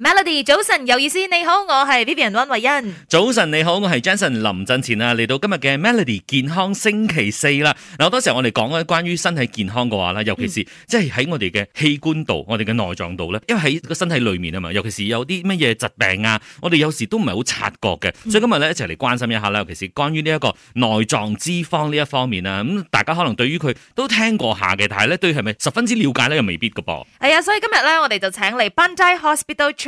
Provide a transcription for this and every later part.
Melody，早晨有意思，你好，我係 Vivian 溫慧欣。早晨你好，我係 Jason 林振前啊，嚟到今日嘅 Melody 健康星期四啦。嗱，好多時候我哋講咧關於身體健康嘅話咧，尤其是即係喺我哋嘅器官度，我哋嘅內臟度咧，因為喺個身體裏面啊嘛，尤其是有啲乜嘢疾病啊，我哋有時都唔係好察覺嘅，所以今日咧一齊嚟關心一下啦，尤其是關於呢一個內臟脂肪呢一方面啊，咁大家可能對於佢都聽過下嘅，但係咧對係咪十分之了解咧又未必㗎噃。係啊，所以今日咧我哋就請嚟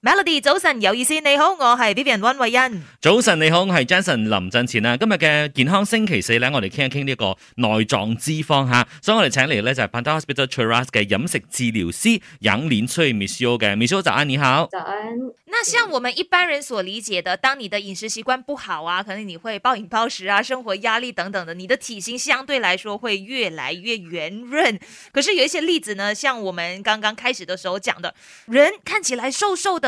Melody，早晨有意思，你好，我係 Vivian 温慧欣。早晨你好，我係 Jason 林振前啊。今日嘅健康星期四咧，我哋傾一傾呢個內臟脂肪吓，所以我哋請嚟咧就係 Pantai Hospital Chiras 嘅飲食治療師楊連翠 Missio 嘅 Missio 早安，你好。早安。那像我們一般人所理解的，當你的飲食習慣不好啊，可能你會暴飲暴食啊，生活壓力等等的，你的體型相對來說會越來越圓潤。可是有一些例子呢，像我們剛剛開始的時候講的，人看起來瘦瘦的。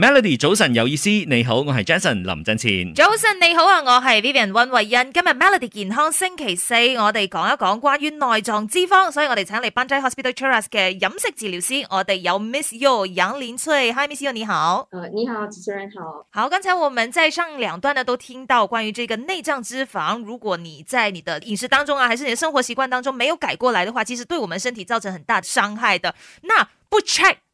Melody，早晨有意思，你好，我係 Jason 林振前。早晨你好啊，我係 Vivian 溫慧欣。今日 Melody 健康星期四，我哋講一講關於內臟脂肪，所以我哋請嚟 Pantai Hospital Cheras 嘅飲食治療師，我哋有 Miss Yo 楊林翠。Hi Miss Yo，你好。Uh, 你好主持人，好。好，剛才我們在上兩段呢，都聽到關於這個內臟脂肪，如果你在你的飲食當中啊，還是你的生活習慣當中沒有改過來的話，其實對我們身體造成很大傷害的。那不 check。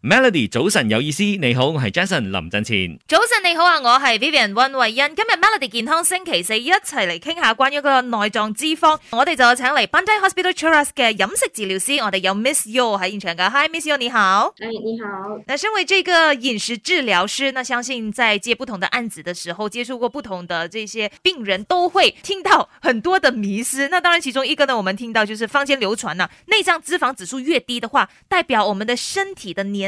Melody，早晨有意思，你好，我係 Jason 林振前。早晨你好啊，我係 Vivian 溫慧欣。今日 Melody 健康星期四一齊嚟傾下關於嗰個內臟脂肪，我哋就請嚟 Bunty Hospital Trust 嘅飲食治療師，我哋有 Miss Yo 喺現場噶，Hi Miss Yo 你好。Hey，你好。那身為呢個飲食治療師，那相信在接不同的案子的時候，接觸過不同的這些病人都會聽到很多的迷思。那當然其中一個呢，我們聽到就是坊間流傳啊：「內臟脂肪指數越低的話，代表我們的身體的年。